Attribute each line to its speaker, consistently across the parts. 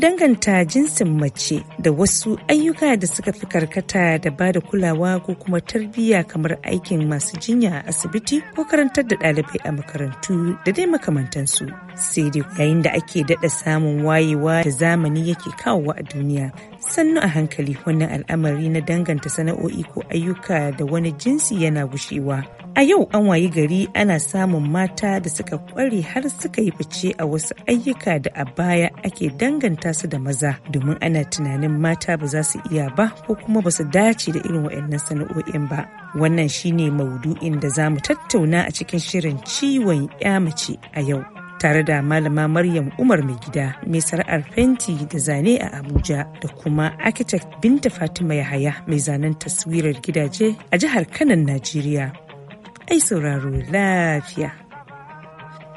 Speaker 1: danganta jinsin mace da wasu ayyuka da suka fi karkata da ba da kulawa ko kuma tarbiyya kamar aikin masu jinya a asibiti ko karantar da ɗalibai a makarantu da dai makamantansu. Sai dai yayin da ake daɗa samun wayewa da zamani yake kawowa a duniya. Sannu a hankali wannan al'amari na danganta sana'o'i ko ayyuka da wani jinsi yana gushewa. A yau an wayi gari ana samun mata da suka kware har suka yi fice a wasu ayyuka da a baya ake danganta su da maza domin ana tunanin mata ba za su iya ba ko kuma ba su dace da irin waɗannan sana'o'in ba. Wannan shine maudu'in da za mu tattauna a cikin shirin ciwon ya mace a yau. tare da malama Maryam Umar mai gida mai sana'ar fenti da zane a Abuja da kuma architect Binta Fatima Yahaya mai zanen taswirar gidaje a jihar Kanan Najeriya. ai sauraro lafiya.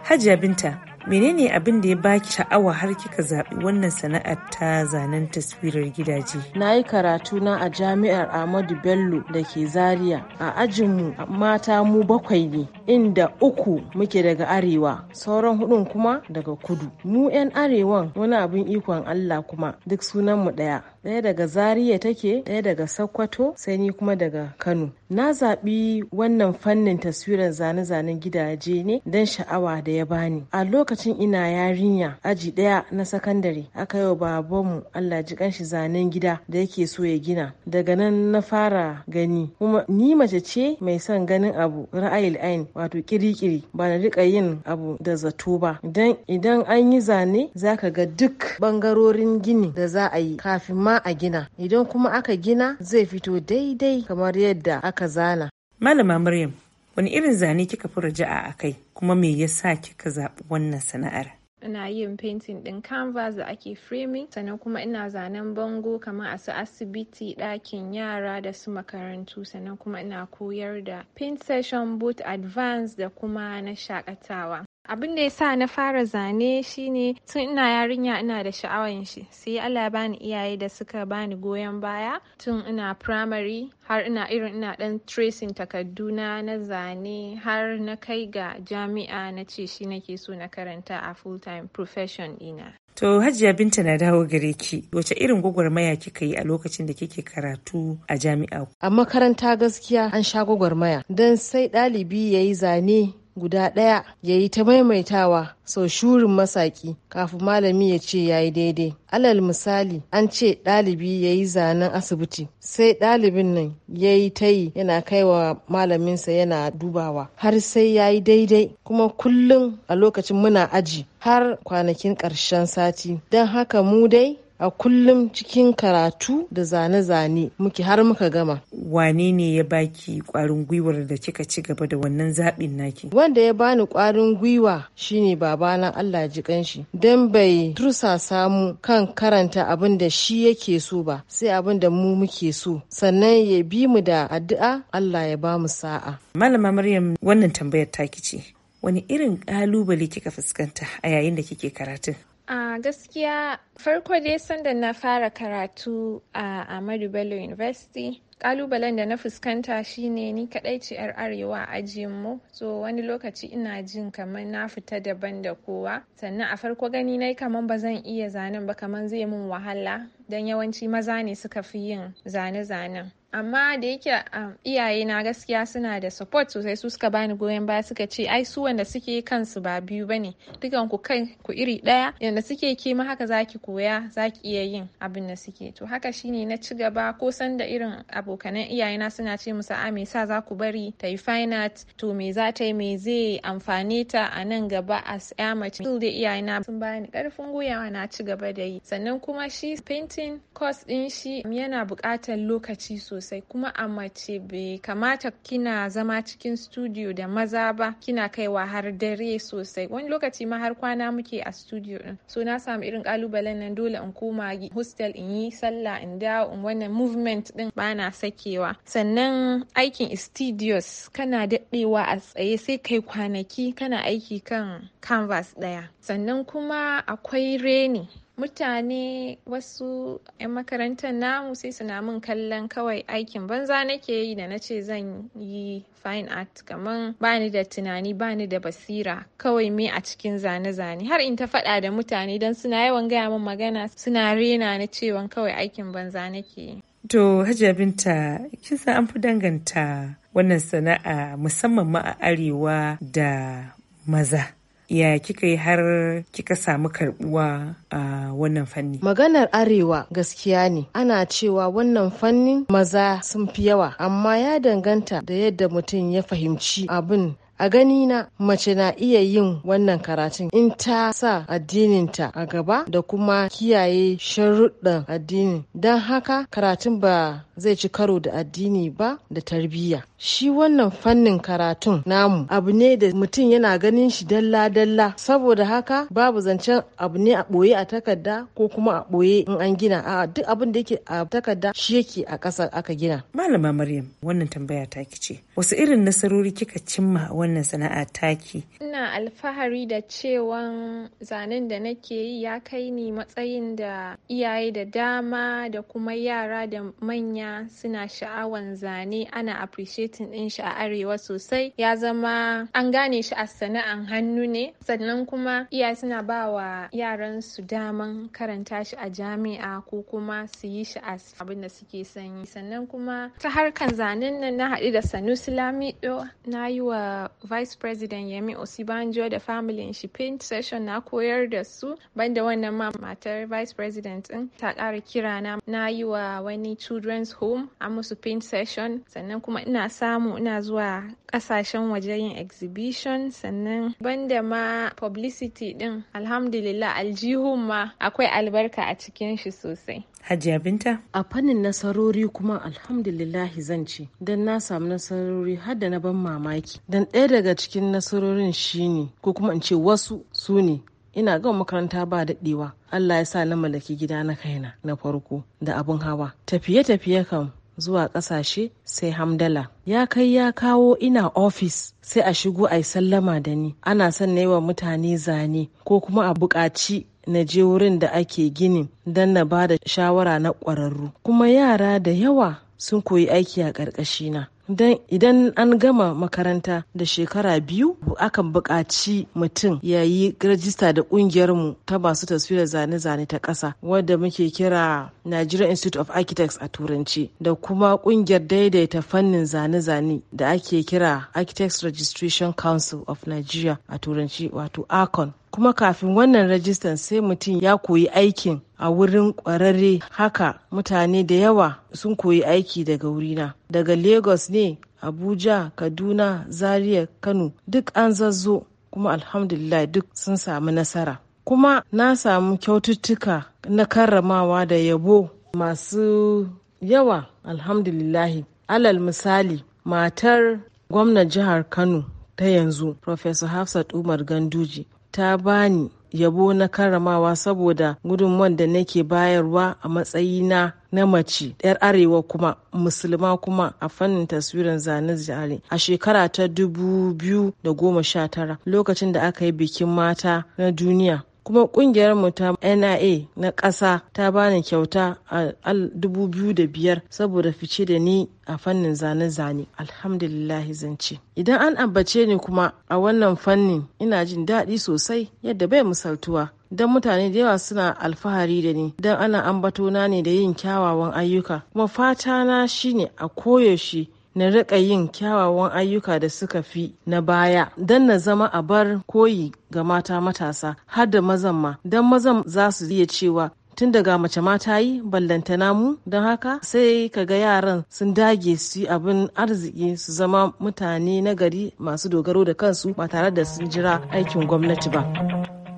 Speaker 1: Hajiya Binta, menene abin da ya baki sha'awa har kika zaɓi wannan sana'ar ta zanen
Speaker 2: taswirar gidaje? Na yi karatu na a jami'ar Ahmadu Bello da ke Zaria a ajinmu mata mu bakwai ne. inda uku muke daga arewa sauran hudun kuma daga kudu mu 'yan arewan wani abin ikon allah kuma duk sunanmu ɗaya Daya daga Zariya take daya daga sokoto sai ni kuma daga kano na zaɓi wannan fannin taswirar zane-zanen gidaje ne don sha'awa da ya bani a lokacin ina yarinya aji ɗaya na sakandare aka yi wa babanmu allah ji kanshi zanen gida da yake so ya gina daga nan na fara gani kuma ni mace ce mai son ganin abu ra'ayil ain wato kirikiri ba da rika yin abu da zato ba idan an yi zane zaka ga duk bangarorin gini da za a yi kafin ma a gina idan kuma aka gina zai fito daidai kamar yadda aka zana
Speaker 1: malama maryam wani irin zane kika fi raja'a a kai kuma me yasa kika zaɓi wannan sana'ar
Speaker 3: ina yin painting ɗin canvas da ake framing sannan kuma ina zanen bango kamar a su asibiti ɗakin yara da su makarantu sannan kuma ina koyar da paint session both advanced da kuma na shaƙatawa. abin da ya sa na fara zane shine tun ina yarinya ina da sha'awan shi sai allah bani iyaye da suka bani goyon baya tun ina primary har ina irin ina dan tracing takarduna na zane har na kai ga jami'a na ce shi nake so na karanta a full time profession ina
Speaker 1: To Hajiya Binta na dawo gare ki wace irin gwagwarmaya kika yi a lokacin da kike karatu a jami'a?
Speaker 2: A makaranta gaskiya an sha gwagwarmaya Dan sai ɗalibi ya yi zane guda ɗaya ya yi ta maimaitawa sau shurin masaki kafin malami ya ce ya yi daidai alal misali an ce ɗalibi ya yi zanen asibiti sai ɗalibin nan ya yi ta yi yana kaiwa malaminsa yana dubawa har sai ya yi daidai kuma kullum a lokacin muna aji har kwanakin ƙarshen sati don haka mu dai a kullum cikin karatu da zane-zane muke har muka gama. Wane ne ya baki kwarin gwiwar da kika ci gaba da wannan zaɓin naki? Wanda ya bani kwarin gwiwa shine babana Allah ji kanshi. Dan bai tursa samu kan karanta abin da shi yake so ba, sai abin da mu muke so. Sannan ya bi mu da addu'a Allah ya ba mu sa'a.
Speaker 1: Malama Maryam wannan tambayar taki ce. Wani irin kalubale kika fuskanta a yayin da kike karatun?
Speaker 3: A gaskiya farko dai sanda na fara karatu a Ahmadu Bello University, kalubalen da na fuskanta shine ni kaɗai ce 'yar arewa a mu so wani lokaci ina jin kamar na fita daban da kowa. Sannan a farko gani nayi kamar ba zan iya zanen ba kamar zai mun wahala, don yawanci maza ne suka fi yin zane-zanen. amma da yake um, iyaye na gaskiya suna da support sosai su suka bani goyon baya suka ce ai su wanda suke kansu ba biyu bane dukan ku kai ku iri daya yanda suke ke ma haka zaki koya zaki iya yin abin da suke to haka shine na ci gaba ko san da irin abokanan iyaye na suna ce musu a me yasa za ku bari ta yi fine art to me za ta yi me zai amfane ta a nan gaba as ya mace da iyaye na sun bani karfin gwiwa na ci gaba da yi sannan kuma shi painting course din shi um, yana buƙatar lokaci sosai sosai kuma a mace bai kamata kina zama cikin studio da maza ba kina kaiwa har dare sosai wani lokaci ma har kwana muke a studio din so na samu irin kalubalen nan dole in koma hostel in yi sallah in dawo in wannan movement din bana sakewa sannan aikin studios kana daɗewa a tsaye sai kai kwanaki kana aiki kan canvas ɗaya sannan kuma akwai reni mutane wasu 'yan makarantar namu sai suna min kallon kawai aikin banza nake yi da na ce zan yi fine art kamar bani da tunani bani da basira kawai me a cikin zane-zane har in ta faɗa da mutane don suna yawan gaya min magana suna rena na cewa kawai aikin banza nake yi.
Speaker 1: To Hajiya Binta, kin san an fi danganta wannan sana'a musamman ma a arewa da maza. ya kika yi har kika samu karbuwa a wannan fanni
Speaker 2: maganar arewa gaskiya ne ana cewa wannan fannin maza sun fi yawa amma ya danganta da yadda mutum ya fahimci abin a gani na mace na iya yin wannan karatun in ta sa addininta a gaba da kuma kiyaye sharuɗan addinin don haka karatun ba zai ci karo da addini ba da tarbiyya shi wannan fannin karatun namu abu ne da mutum yana ganin shi dalla-dalla saboda haka babu zancen abu ne a ɓoye a takarda ko kuma a ɓoye in an gina a duk abin da yake a takarda shi yake a ƙasar aka gina.
Speaker 1: Malama Maryam wannan tambaya ki ce wasu irin nasarori kika cimma wannan sana'a taki?
Speaker 3: Ina alfahari da cewan zanen da nake yi ya kai ni matsayin da iyaye da dama da kuma yara da manya suna sha'awan zane ana appreciate marketing din shi a arewa sosai ya zama an gane shi a sana'an hannu ne sannan kuma iya suna ba wa yaran su daman karanta shi a jami'a ko kuma su yi shi a abin da suke son yi sannan kuma ta harkan zanen nan na haɗu da sanusi lamido na yi wa vice president yemi osibanjo da familin shi paint session na koyar da su banda wannan ma matar vice president din ta ƙara kirana na yi wa wani children's home a musu paint session sannan kuma ina samu ina zuwa kasashen waje yin exhibition sannan banda ma publicity din alhamdulillah aljihun ma akwai albarka a cikin shi sosai
Speaker 2: Hajiya Binta? A fannin nasarori kuma alhamdulillahi zan ce, don na samu nasarori har da na ban mamaki. Don ɗaya daga cikin nasarorin shine ko kuma in ce wasu su ne ina gama makaranta ba daɗewa Allah ya sa na mallaki gida na kaina na farko da abun hawa tafiye-tafiye kam zuwa ƙasashe sai hamdala ya kai ya kawo ina ofis sai a shigo a yi sallama da ni ana son na yi wa mutane zane ko kuma a buƙaci na je wurin da ake gini don na ba da shawara na ƙwararru kuma yara da yawa sun koyi aiki a ƙarƙashina idan an gama makaranta da shekara biyu akan buƙaci mutum ya yi rajista da ƙungiyarmu ta masu taswirar zane-zane ta ƙasa wadda muke kira Nigerian Institute of Architects a Turanci da kuma ƙungiyar daidaita fannin zane-zane da ake kira Architects Registration Council of Nigeria a Turanci wato ACON kuma kafin wannan rajistan sai mutum ya koyi aikin a wurin kwararre haka mutane da yawa sun koyi aiki daga wurina daga lagos ne abuja kaduna zaria kano duk an zazzo kuma alhamdulillah duk sun samu nasara kuma na samu kyaututtuka na karramawa da yabo masu yawa alhamdulillahi alal misali matar gwamnan jihar kano ta yanzu Professor Hafsat Umar Ganduji ta bani yabo na karamawa saboda gudunmuwan da nake bayarwa a matsayina na mace 'yar arewa kuma musulma kuma a fannin taswiran zane zane a shekara ta 2019 lokacin da aka yi bikin mata na duniya kuma kungiyar mu ta NIA na ƙasa ta bani kyauta a dubu biyu da biyar saboda fice da ni a fannin zane-zane alhamdulillah zance idan an ambace ni kuma a wannan fannin ina jin daɗi sosai yadda bai misaltuwa don mutane da yawa suna alfahari da ni don ana ambato na ne da yin kyawawan ayyuka kuma fata na shine a koyaushe na riƙa yin kyawawan ayyuka da suka fi na baya don na zama a bar koyi ga mata matasa har da mazan ma don mazan za su iya cewa tun daga mace mata yi ballantana mu don haka sai kaga yaran sun dage su yi abin arziki su zama mutane na gari masu dogaro da kansu ba tare da sun jira aikin gwamnati ba.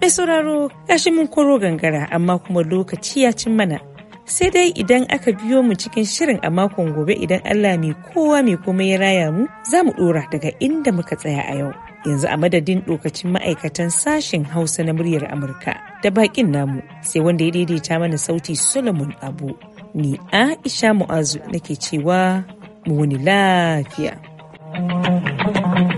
Speaker 2: Mai sauraro ya shi mun koro gangara amma kuma lokaci ya cin mana sai
Speaker 1: dai idan aka biyo mu cikin shirin a makon gobe idan Allah mai kowa mai kuma ya raya mu za mu dora daga inda muka tsaya a yau yanzu a madadin dokacin ma'aikatan sashen hausa na muryar amurka da bakin namu sai wanda ya daidaita mana sauti solomon abu ni aisha mu'azu nake cewa mu wani lafiya thank you